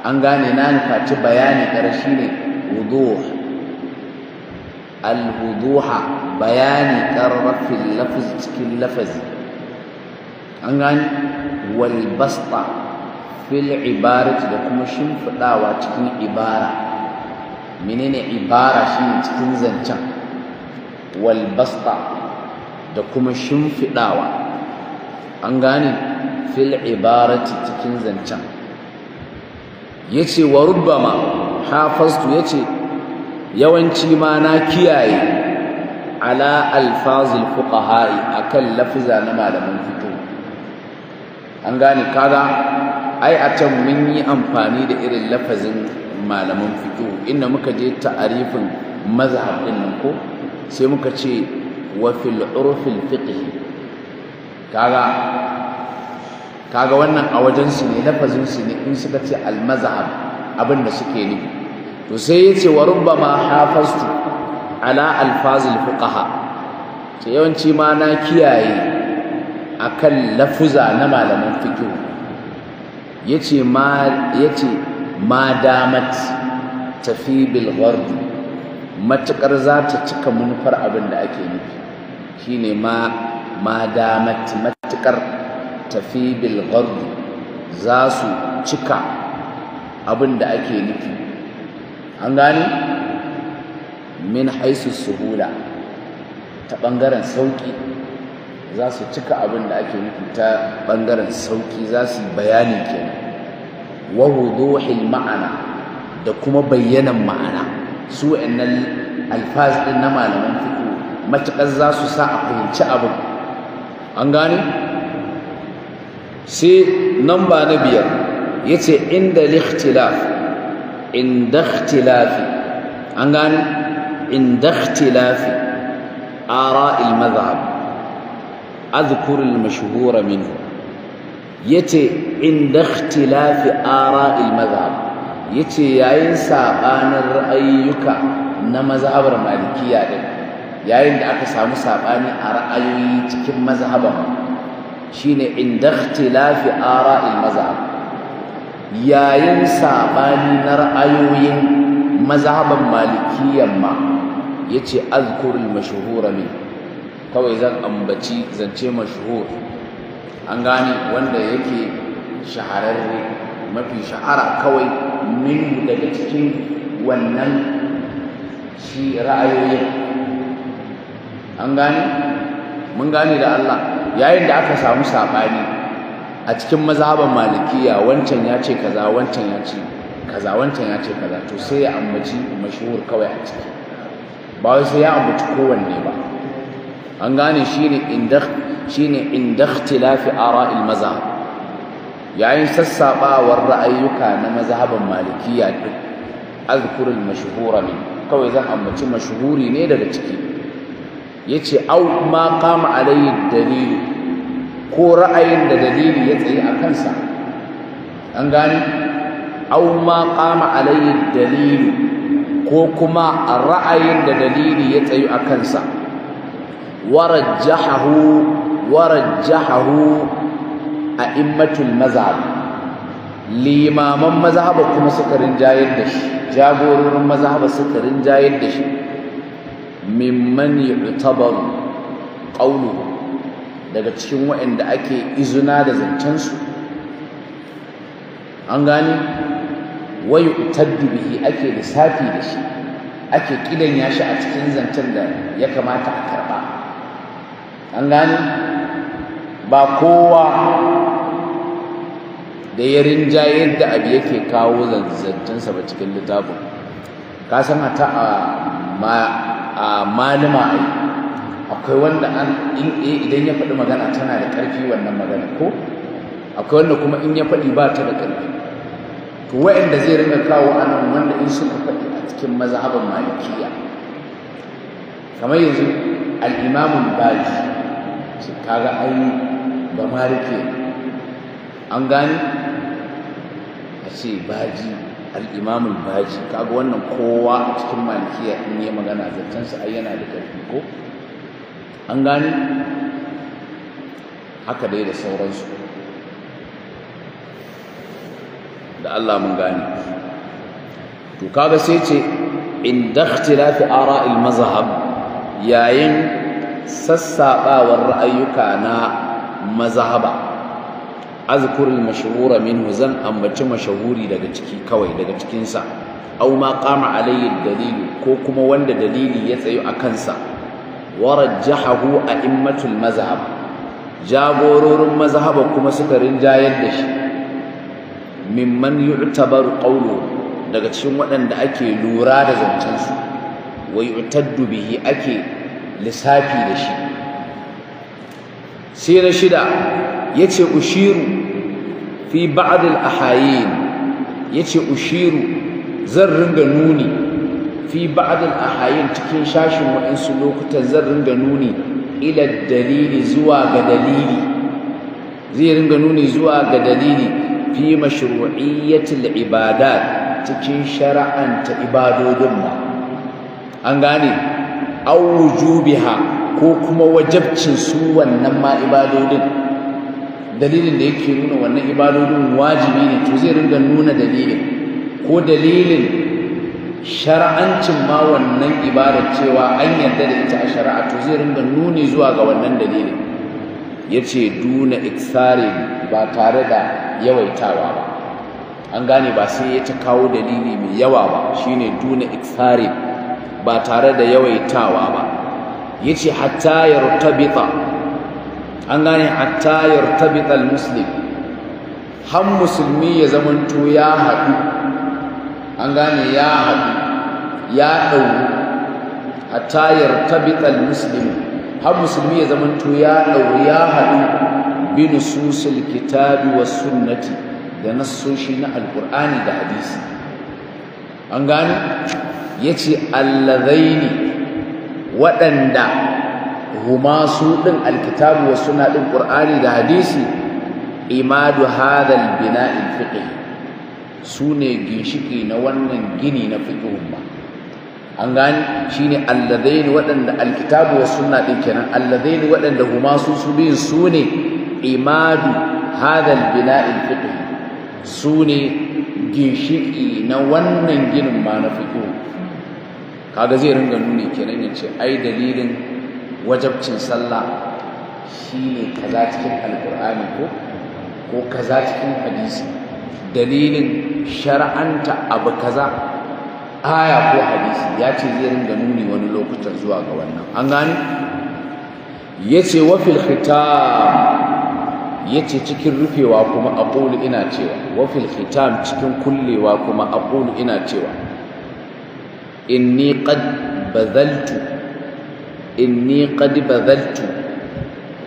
an gane na nufaci bayani ƙara shi ne wuduh alwuduha bayani ƙarara fil lafaz cikin lafazi an gane wal basta fil ibarati da kuma shimfiɗawa cikin ibara menene ibara shi ne cikin zancen wal basta da kuma shimfiɗawa an gane fil ibarati cikin zancen yace wa rubbama hafaztu yace yawanci ma na kiyaye ala alfazil fuqaha'i akan lafiza na malaman fito an gane kaga ai a can mun yi amfani da irin lafazin malaman fito inda muka je ta'arifin mazhab din nan ko sai muka ce wa fil urfil kaga kaga wannan a wajensu ne lafazinsu ne in suka ce almazhab abin da suke nufi to sai ya ce wa rubbama hafastu ala alfazil fuqaha ce yawanci ma na kiyaye akan lafuza na malaman fiqh yace ma yace ma damat tafi bil ghardi matakar za ta cika munfar abin da ake nufi shine ma ma damat matakar tafi bil za su cika abin da ake nufi an gane min haisu suhula ta ɓangaren sauƙi za su cika abin da ake nufi ta ɓangaren sauƙi za su bayani kenan wa wuduhil ma'ana da kuma bayyanan ma'ana su wa'annan alfaz ɗin na malaman fito matuƙar za su sa a fahimci abin an gane سي نمبا نبيا يتي عند inda عند inda أنغان عند اختلاف آراء المذهب أذكر المشهور منه يتي عند اختلاف آراء المذهب يتي إنسى أنا رأيك يا إنسى أنا رأيك نمزا أرأيك مذهبهم shine inda ikhtilafi ara'il mazhab yayin sabani na ra'ayoyin mazhaban malikiyyan ma yace azkurul mashhura min kawai zan ambaci zance mashhur an gane wanda yake shahararre mafi shahara kawai min daga cikin wannan shi ra'ayoyin an gane mun gane da Allah yayin da aka samu saɓani a cikin mazhaban malikiya wancan ya ce kaza wancan ya ce kaza wancan ya ce kaza to sai ya ambaci mashhur kawai a ciki ba wai sai ya ambaci kowanne ba an gane shi shine inda shine inda ikhtilafi ara'il mazhab yayin sassaɓawar ra'ayuka na mazhaban malikiya duk azkurul mashhura ne kawai zan ambaci mashhuri ne daga ciki yace au ma kama alayhi dalili ko ra'ayin da dalili ya tsaye a kansa an gane au ma kama alayhi dalili ko kuma ra'ayin da dalili ya tsaye a kansa warajjahahu a a'immatul mazhab limaman mazhaba kuma suka rinjayar da shi jagororin mazhaba suka rinjayar da shi mimman yu'tabaru ƙaunu daga cikin waɗanda ake izina da zancensu an gane wayo taddu bihi ake lissafi da shi ake ƙidan ya a cikin zancen da ya kamata a karɓa. an gane ba kowa da ya rinja yadda abu yake kawo zancensa ba cikin littafin ka san hata a a malama akwai wanda an eh, idan ya faɗi magana tana da ƙarfi wannan magana ko akwai wanda kuma in ya faɗi ba ta da ƙarfi to wa'anda zai ringa kawo anan wanda in suka faɗi a cikin mazhaban malikiya kamar yanzu al'imamun baji su kaga ai ba an gani a ce baji al-imam al-baji kaga wannan kowa a cikin malikiya in yi magana a zancen sa ai yana da karfi ko an gane haka dai da sauransu da Allah mun gane to kaga sai ce in dakhtilafi ara'il mazhab yayin sassabawar ra'ayuka na mazhaba azkurul mashhura minhu zan ambaci mashahuri daga ciki kawai daga cikin sa aw ma qama alayhi ko kuma wanda dalili ya tsayo a kansa warajjahu immatul mazhab jagororin mazhaba kuma suka rinjayar da shi mimman yu'tabaru qawlu daga cikin waɗanda ake lura da zancensu wa yu'taddu bihi ake lissafi da shi sai na shida yace ushiru fi ba'd al-ahayin yace ushiru zan ringa nuni fi ahayin cikin shashin waɗansu lokutan zan ringa nuni ila dalili zuwa ga dalili zai ringa nuni zuwa ga dalili fi mashru'iyyatil ibadat cikin shara'anta ibadodin ma an gane An wujubiha ko kuma wajabcin su wannan ma ibadodin dalilin da yake nuna wannan ibadodin wajibi ne to zai ringa nuna dalilin ko dalilin shara'ancin ma wannan ibadar cewa an yarda da ita a shari'a to zai ringa nuni zuwa ga wannan dalilin ya ce duna iksari ba tare da yawaitawa ba an gane ba sai ya ta kawo dalili mai yawa ba shine duna iksari ba tare da yawaitawa ba ya ce hatta yartabita an gane hatta yartabita almuslim har musulmi ya zamanto ya haɗu an gane ya haɗu ya ɗauru hatta yartabita almuslim har musulmi ya zamanto ya ɗauru ya haɗu bi nususil kitabi was sunnati da nassoshi na alqur'ani da hadisi an gane yace allazaini waɗanda huma su ɗin alkitabu wa suna ɗin ƙur'ani da hadisi imadu hadal bina'il fiqh su ne ginshiki na wannan gini na fiqhun ba an gani shine alladain waɗanda alkitabu wa suna ɗin kenan alladain waɗanda huma su su biyun su ne imadu hadal bina'il fiqh su ne ginshiki na wannan ginin ma na fiqhun kaga zai ringa nuni kenan ya ai dalilin wajabcin sallah shine kaza cikin alkur'ani ko ko kaza cikin hadisi dalilin shar'anta abu kaza aya ko hadisi ya ce zai ringa nuni wani lokacin zuwa ga wannan an gane yace wa fil khitam yace cikin rufewa kuma aqulu ina cewa wa fil khitam cikin kullewa kuma aqulu ina cewa inni qad bazaltu inni qad badaltu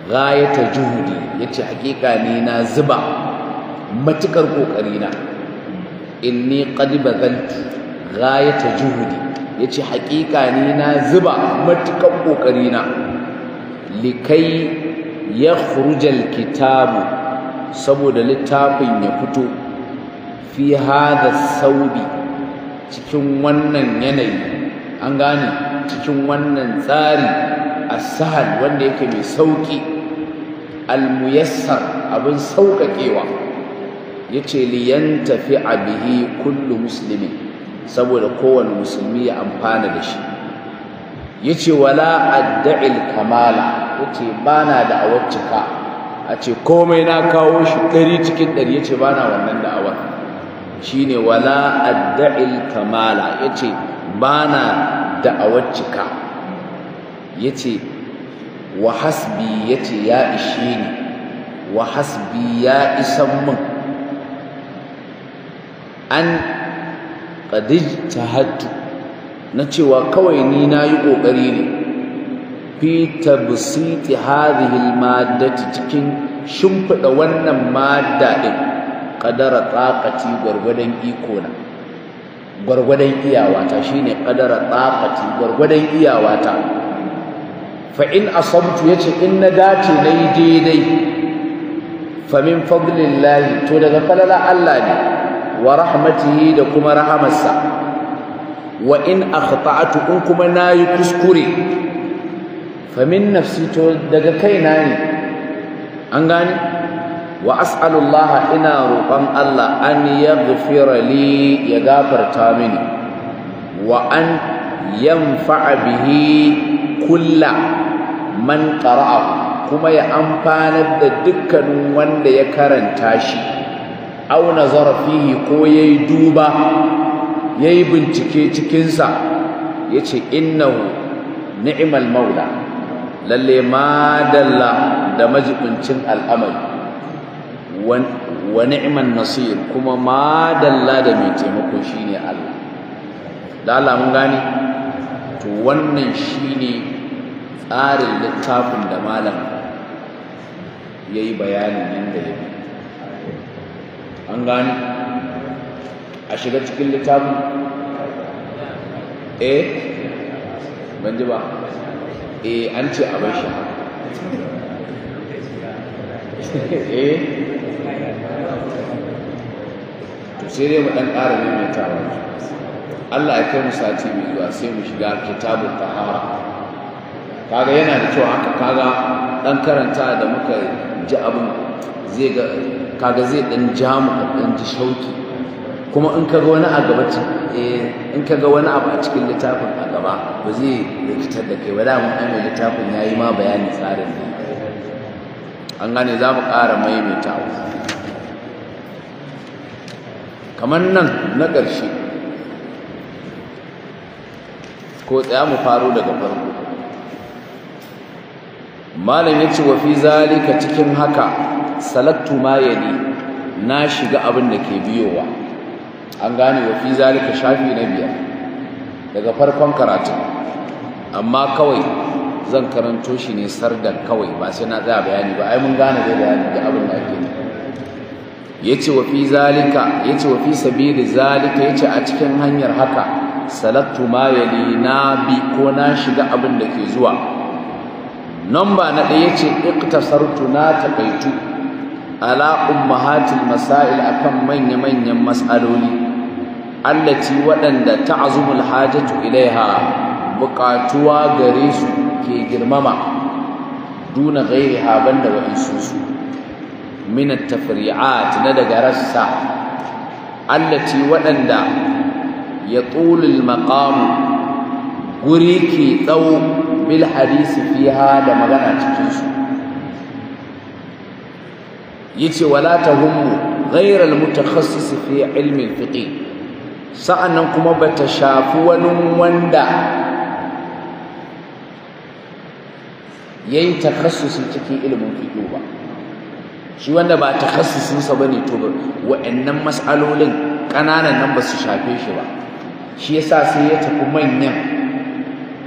ghayata juhudi yace hakika ni na zuba matukar kokari na inni qad badaltu ghayata juhudi yace hakika ni na zuba matukar kokari na likai yakhrujal kitabu saboda littafin ya fito fi hada saubi cikin wannan yanayi an gane cikin wannan tsari a sahal wanda yake mai sauki almuyassar abin saukakewa yace tafi a bihi kullum musulmi saboda kowane musulmi ya amfana da shi Ya ce, wala adda'il kamala ba na da cika. a ce komai na kawo shi ɗari cikin ɗari Ya ce, ba na wannan da'awar ne, wala adda'il kamala yace bana da'awar cika ya ce wa hasbi ya ce ya ishe ni wa hasbi ya isan min an ƙadijtahattu na cewa kawai ni na yi ƙoƙari ne fi tabsiti hadhihi almaddati cikin shimfiɗa wannan madda din qadara taqati gwargwadon iko na gwargwadon iyawata shine qadara taqati gwargwadon iyawata fa in asabtu yace in na dace nayi daidai fa min fadlillahi to daga falala Allah ne wa rahmatihi da kuma rahamarsa wa in akhta'tu in kuma nayi kuskure fa min nafsi to daga kaina ne an wa as'alullaha ina roƙon Allah an yaghfira li ya gafarta mini wa an yanfa'a bihi kulla man qara'ahu kuma ya amfanar da dukkanin wanda ya karanta shi aw nazara fihi ko yayi duba yayi bincike cikin sa yace innahu ni'mal maula lalle ma dalla da majibincin al'amari wa ni'man nasir kuma ma dalla da mai taimako shine Allah da Allah mun gane to wannan shine tsarin littafin da malam ya yi bayanin yanda yake an gane a shiga cikin littafin eh ban ji ba eh an ce a bar shi [LAUGHS] eh sai dai mu dan ƙara maimaitawa Allah ya kai mu sati mai zuwa sai mu shiga kitabun tahara kaga yana da cewa haka kaga dan karanta da muka ji abin zai ga kaga zai dan ja mu dan ji shauki kuma in kaga wani a gaba eh, in kaga wani abu a cikin littafin a gaba ba zai rikitar da kai ba da mun ana littafin yayi ma bayani tsarin an gane za mu ƙara maimaitawa kamar nan na ƙarshe ko tsaya mu faro daga farko malam ya ce wa fi zalika cikin haka salattu ma ya yali na shiga abin da ke biyowa an gane wa fi zalika shafi na biyar daga farkon karatu amma kawai zan karanto shi ne sardar kawai ba sai na tsaya bayani ba ai mun gane zai bayani da abin da ake nufi yace wa fi zalika yace wa fi sabili zalika yace a cikin hanyar haka salatu ma na bi ko na shiga abin da ke zuwa namba na ɗaya yace iqtasartu na takaitu ala ummahatil masail akan manya manyan mas'aloli allati waɗanda ta'zumul hajatu ilaiha buƙatuwa gare su ke girmama duna ghairiha banda wa'insu su min at na daga rassa allati waɗanda ya tulul maqam guri ke tsawo bil hadisi fiha da magana cikin su yace wala tahummu ghayra al-mutakhassis fi ilmi al-fiqh sa'annan kuma bata shafi wani wanda yayin takassusin cikin ilimin fiqh ba shi wanda ba ba ne to wa'annan mas'alolin ƙananan nan ba su shafe shi ba shi yasa sai ya tafi manyan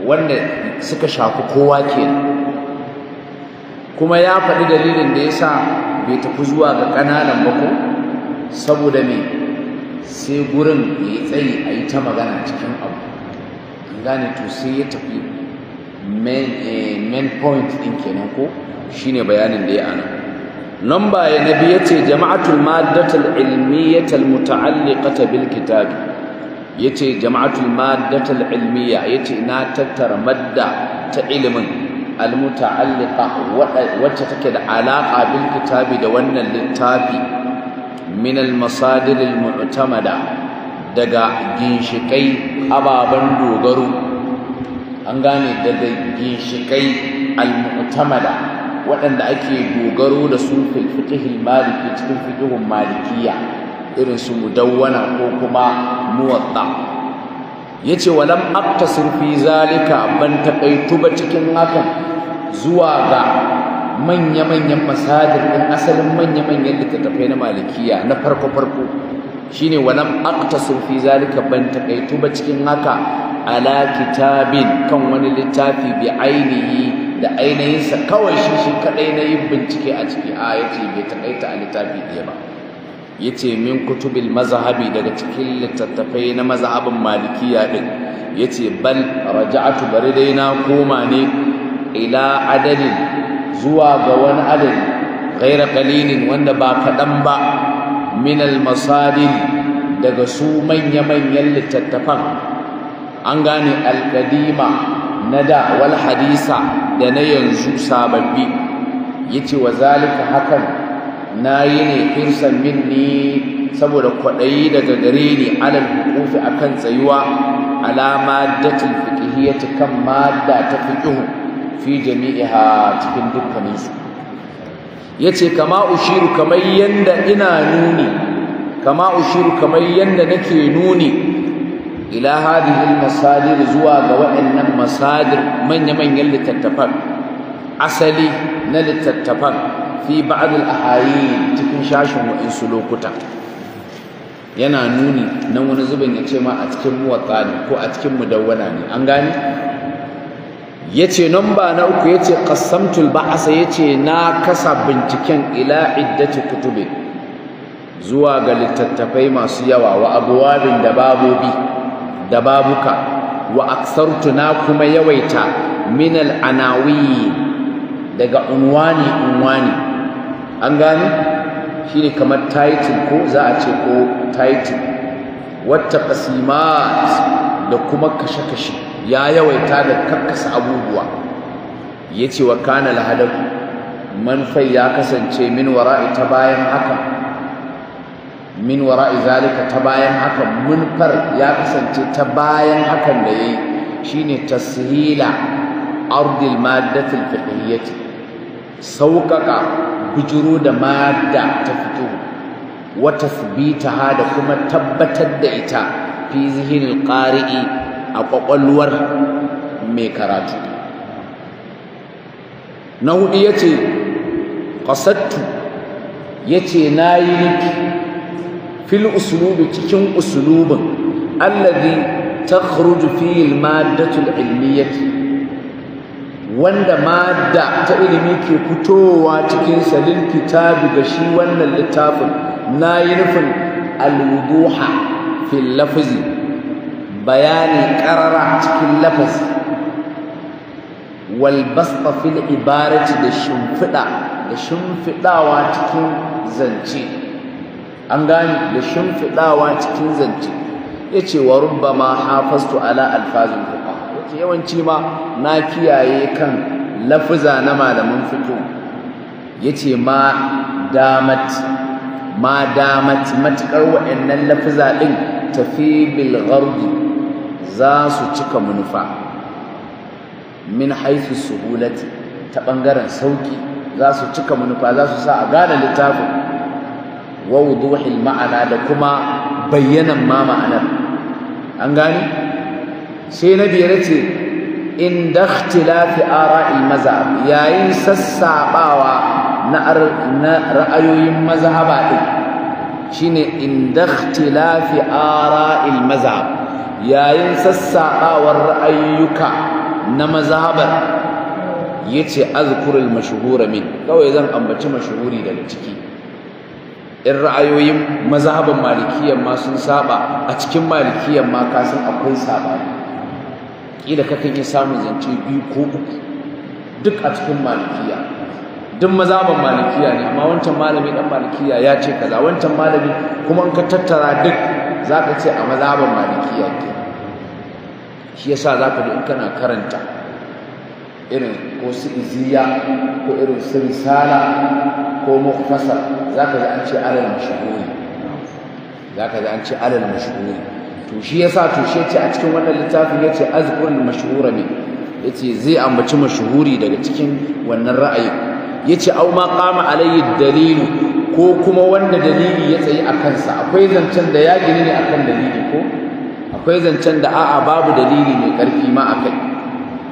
wanda suka shafi kowa kenan kuma ya faɗi dalilin da ya sa bai tafi zuwa ga ƙananan ba ko saboda me sai gurin ya yi tsayi a yi ta magana cikin abu an gane to sai ya tafi main eh, point ɗin kenan ko shine bayanin da ya anan namba ya nabi yace jama'atul maddatul ilmiyatul muta'alliqata bil kitab yace jama'atul maddatul ilmiya yace na tattara madda ta ilimin al muta'alliqa wacce take da alaƙa bil kitabi da wannan littafi min al masadir al mu'tamada daga ginshikai ababen dogaro an gane daga ginshikai al mu'tamada waɗanda ake dogaro da su fil maliki cikin fiqhun malikiya irin su mudawwana ko kuma muwatta yace walam abta fi zalika ban taƙaitu ba cikin hakan zuwa ga manya-manyan masadir ɗin asalin manya-manyan littattafai na malikiya na farko-farko shine walam abta fi zalika ban taƙaitu ba cikin haka ala kitabin kan wani littafi bi ainihi da ainihinsa kawai shi shi kadai na yin bincike a ciki a ya ce bai taƙaita a littafi ɗaya ba ya ce min kutubil mazhabi daga cikin littattafai na mazhabin malikiya ɗin ya ce bal raja'atu bari dai na koma ne ila adadin zuwa ga wani adadi ghaira qalilin wanda ba kaɗan ba min al daga su manya-manyan littattafan an gane al na da wal hadisa da na yanzu sababbi yace wa zalika hakan yi ne irsan ne saboda kwaɗayi daga gare ni alal hukufi akan tsayuwa alama datil fiqhiyyati kan madda ta fiqhu fi jami'iha cikin dukkaninsu yace kama ushiru kamar yanda ina nuni kama ushiru kamar yanda nake nuni ila hadhihi masadir zuwa ga waɗannan masadir manya-manyan littattafan asali na littattafan fi ba'd al-ahayi cikin shashin wa'insu lokuta yana nuni nan wani zubin ya ce ma a cikin muwatta ne ko a cikin mudawwana ne an gane yace namba na uku yace ba'asa, ba'sa yace na kasa binciken ila iddati kutubi zuwa ga littattafai masu yawa wa abwabin da babobi da babuka wa aksartu na kuma yawaita minal anawi daga unwani unwani an shi ne kamar title ko za a ce ko title wata qasimat da kuma kashe-kashe ya yawaita da kakkasa abubuwa Ya ce wa kana lahadaku manfai ya kasance min wara'i ta bayan haka min wara zalika ta bayan hakan munfar ya kasance ta bayan hakan da yayi shine tashila ardil maddatil fiqhiyyati sauƙaƙa bujuro da madda ta fito wa tasbitaha da kuma tabbatar da ita fi zihinil ƙari'i a ƙwaƙwalwar mai karatu na hudu yace qasadtu yace nayi nufi fil usulubi cikin usulubin allazi takhruju fihi al-maddatu al-ilmiyyah wanda madda ta ilimi ke fitowa cikin salil kitabi ga shi wannan littafin na yi nufin alwuduha fil lafazi bayani karara cikin lafazi wal basta fil ibarati da shimfida da shimfiɗawa cikin zance an gane da shimfiɗawa cikin zance ya ce wa rubba ma hafastu ala alfazin fuka yake yawanci ma na kiyaye kan lafuza na malaman fito ya ce ma damat ma damat matuƙar waɗannan lafuza ɗin tafi bilgargi za su cika manufa min haifu suhulati ta ɓangaren sauƙi za su cika manufa za su sa a gane littafin wa ma'ana da kuma bayyanan ma ma'anar an gani? sai na biyar ce inda ikhtilafi ara'il mazhab yayin sassabawa na ra'ayoyin mazhaba din shine inda ikhtilafi ara'il mazhab yayin sassabawar ra'ayyuka na mazhabar yace azkurul mashhura min kawai zan ambaci mashhuri daga ciki in ra'ayoyin mazhaban malikiyan ma sun saba a cikin malikiyan ma ka san akwai Ki kila kakan iya samun zance biyu ko uku duk a cikin malikiya duk mazhaban malikiya ne amma wancan malami dan malikiya ya ce kaza wancan malami kuma in ka tattara duk zaka ce a mazhaban malikiya ke shi yasa zaka ji in kana karanta irin ko su iziya ko irin su risala ko muktasar zaka ji an ce alal mashhuri zaka ji an ce alal mashhuri to shi yasa to shi yace a cikin wannan littafin yace azkurul mashhura bi yace zai ambaci mashhuri daga cikin wannan ra'ayi yace au ma qama alayhi dalilu ko kuma wanda dalili ya tsayi a kansa akwai zancen da ya gini ne akan dalili ko akwai zancen da a'a babu dalili mai karfi ma akai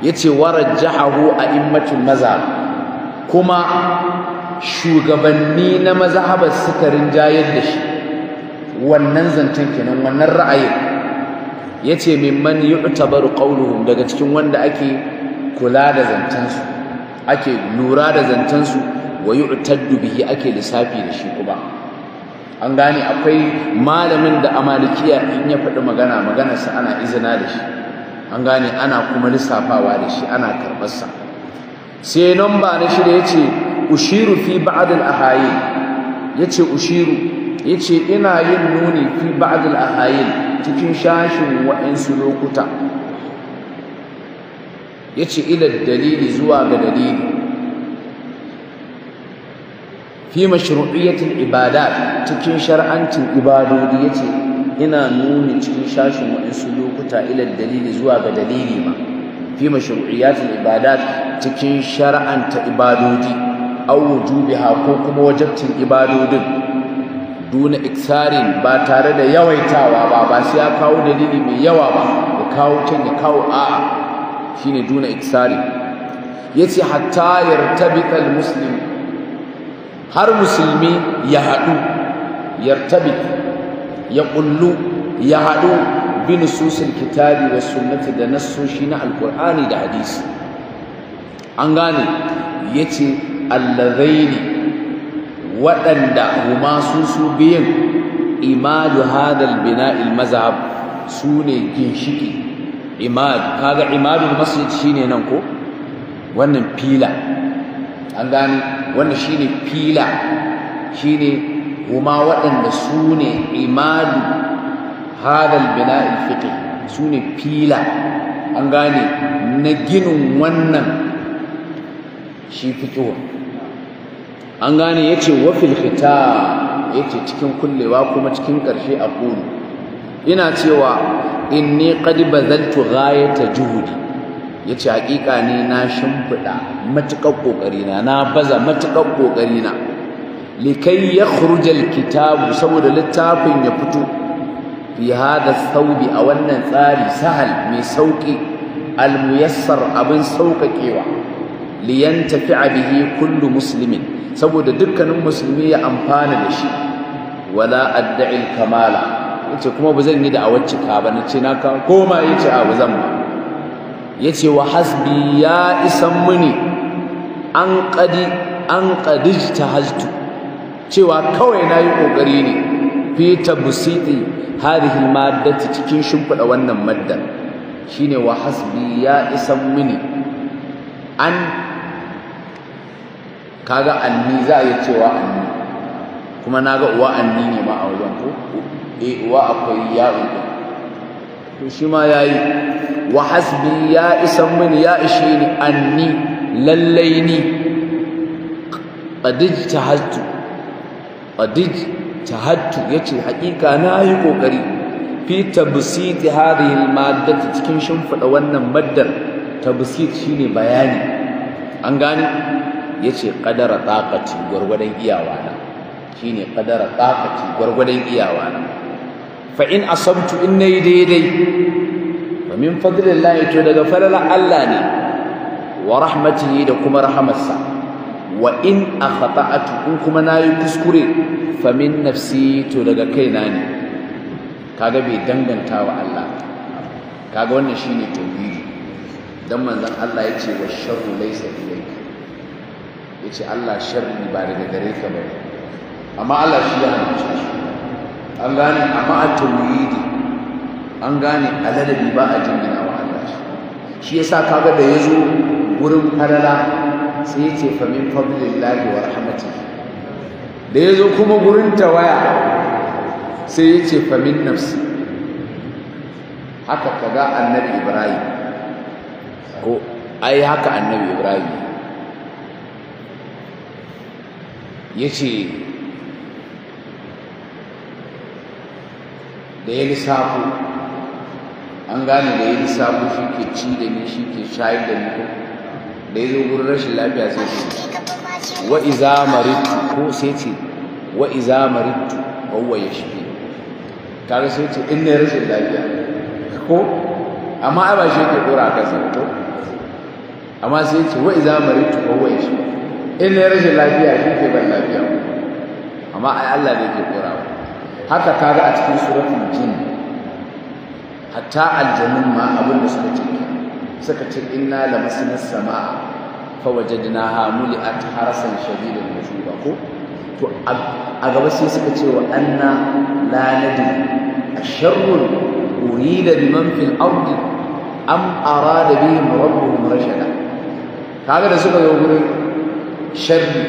yace warajjahu a'immatul mazhab kuma shugabanni na mazhabar suka rinjayar da shi wannan zancen kenan wannan ra'ayin yace mimman yu'tabaru qawluhum daga cikin wanda ake kula da zancensu ake lura da su wa yu'taddu bihi ake lissafi da shi kuma an gane akwai malamin da amalikiya in ya faɗi magana maganarsa ana izina da shi an gane ana kuma lissafawa da shi ana karɓarsa sai namba na shida ya ce ushiru fi ba'adul ahayi ya ce ushiru ya ce ina yin nuni fi ba'adul ahayi cikin shashin wa'insu lokuta ya ce ilar dalili zuwa ga dalili fi mashru'iyyatil ibadat cikin shar'ancin ibadodi ce. ina nuni cikin shashin waɗansu lokuta ilar dalili zuwa ga dalili ma fi mashru'iyatil ibada cikin shar'anta ibadodi aw wujubiha ko kuma wajabtin ibadodin duna iksarin ba tare da yawaitawa ba ba sai ya kawo dalili mai yawa ba ya kawo can ya kawo a shine duna iksarin yace hatta yartabita Musulmi. har musulmi ya haɗu yartabita ya kullu ya haɗu bi nususil kitabi was sunnati da nassoshi na alqur'ani da hadisi an gane yace allazaini waɗanda huma su su biyin imadu hadal bina'il mazhab su ne ginshiki imad kaga imadul masjid shine nan ko wannan fila an gane wannan shine fila shine kuma waɗanda su ne imadu hadal bina ilfiƙi su ne fila an gane na ginin wannan shi fitowa. an gane ya ce wafil fita ya ce cikin kullewa kuma cikin ƙarshe a ƙuni ina cewa in inni qad bazaltu ta juhudi yace hakika ne na shimfida matuƙar ƙoƙarina, na na baza matukar ƙoƙari na likai ya khurujal kitabu saboda littafin ya fito fi hada saubi a wannan tsari sahal mai sauƙi almuyassar abin sauƙaƙewa liyan tafi bihi kullu musulmin saboda dukkanin musulmi ya amfana da shi wala adda'il kamala yace kuma ba zan yi da a awacika ba nace na kan koma ya ce ba zan ba ya ce wa hasbi ya isan mini an qadi an qadijta hajtu cewa kawai na yi ƙoƙari ne fi tabusiti hadhihi maddati cikin shimfiɗa wannan maddar shine wa hasbi ya isan mini an kaga anni za a yi cewa anni kuma na ga uwa anni ne ma a wajen ko eh uwa akwai ya uku to shi ma yi wa hasbi ya isan mini ya ishe ni anni lallai ni qad ijtahadtu qadij tahattu yace haƙiƙa na yi ƙoƙari fi tabsiti hadhihi almaddati cikin shimfiɗa wannan maddar tabsit shine bayani an gane yace qadara taqati gurgurdan iyawana shine qadara taqati gurgurdan iyawana fa in asabtu in nayi daidai fa min fadlillahi to daga falala Allah ne wa ne da kuma rahamarsa wa in a akhata'tu in kuma na yi kuskure fa min nafsi to daga kaina ne kaga bai danganta wa Allah kaga wannan shi shine tauhidi dan manzon Allah yace wa sharru laysa Ya ce Allah sharri ba daga gare ka bane amma Allah shi ya halicce an gane amma a tauhidi an gane aladabi ba a jingina wa Allah shi yasa kaga da yazo wurin farala sai ya ce famin fadlillahi wa rahmati da ya zo kuma gurin tawaya sai ya ce famin nafsi haka kaga annabi ibrahim ko ai haka annabi ibrahim ya ce da ya lissafo an gane da ya lissafo shi ke ci da ni shi ke shayar da ni ko da ya zo gurin rashin lafiya sai ce wa iza maritu ko sai ce wa iza maritu wa ya shi kaga sai ce in ne rashin lafiya ko amma ai ba shi yake dora kansa ko amma sai ce wa iza maritu wa ya shi in ne rashin lafiya shi ke ban lafiya amma ai Allah ne ke dora haka kaga a cikin suratul jin hatta aljanun ma abin da suka ce سكت إنا لمسنا السماء فوجدناها ملئت حرسا شديدا وشوبا أغبسي سكتر وأنا لا ندري الشر أريد بمن في الأرض أم أراد بهم ربهم رشدا هذا رسول يقول شر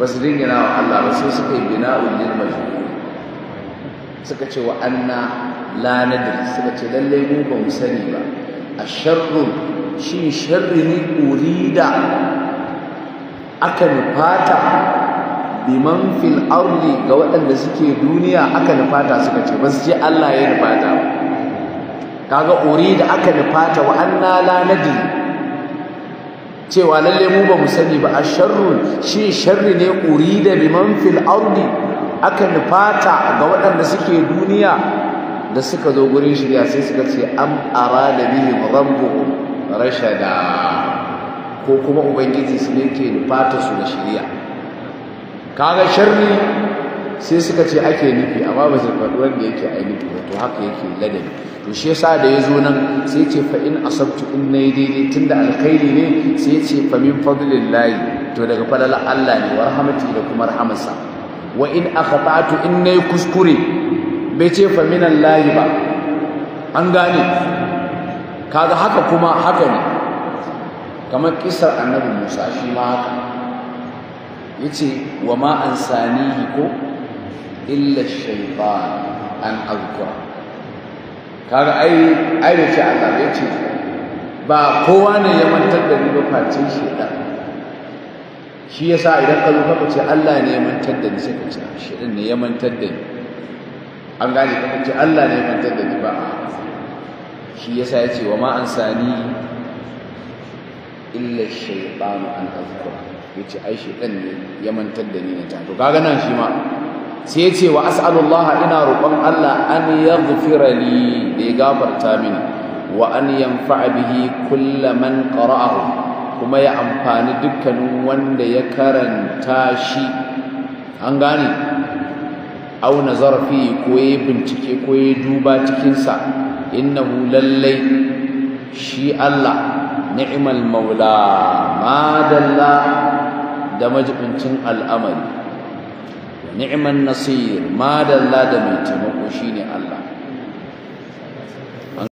بس رينا الله رسول سكي بناء للمجنون سكتر وأنا لا ندري سكتر للي مو بمسني a sharru shi sharri ne urida aka nufata biman fil ardi ga waɗanda suke duniya aka nufata suka ce ba ce Allah ya nufata kaga urida aka nufata wa anna la nadri cewa lalle mu ba mu sani ba asharru shi sharri ne urida biman fil ardi aka nufata ga waɗanda suke duniya da suka zo gurin shirya sai suka ce am arada bihim rabbuhum rashada ko kuma ubangiji su ne ke fata su da shirya kaga sharri sai suka ce ake nufi amma ba su faɗi wanda yake a nufi to haka yake ladabi to shi yasa da ya zo nan sai ce fa in asabtu in nayi daidai da alkhairi ne sai ce fa min fadlillahi to daga fadlan Allah ne wa rahmati da kuma rahamarsa wa in akhata'tu in nayi kuskure bai ce faminan layi ba an gane kaga haka kuma haka ne kamar kisar annabi musa shi ma haka ya ce wa ma an sanihi ko illa an azkura kaga ai ai da ce Allah ya ce ba kowa ne ya mantar da ni ba face shaitan shi yasa idan ka zo kafa ce Allah ne ya mantar da ni sai ka ce shaitan ne ya mantar da ni an gane ka ce Allah ne mantar da ni ba shi yasa ya ce wa ma an sani? illa shaytanu an azkura yace ai shaytan ne ya mantar da ni na ta to kaga nan shi ma sai ya ce wa as'alullaha ina roƙon Allah an yaghfira li da ya gafarta mini wa an yanfa'a bihi kullaman qara'ahu kuma ya amfani dukkanin wanda ya karanta shi an gane auna zarafi ko ya bincike ko ya duba cikinsa innahu lallai shi Allah ni'mal maula madalla da majibincin al'amari ni'man nasir madalla da mai taimako shine Allah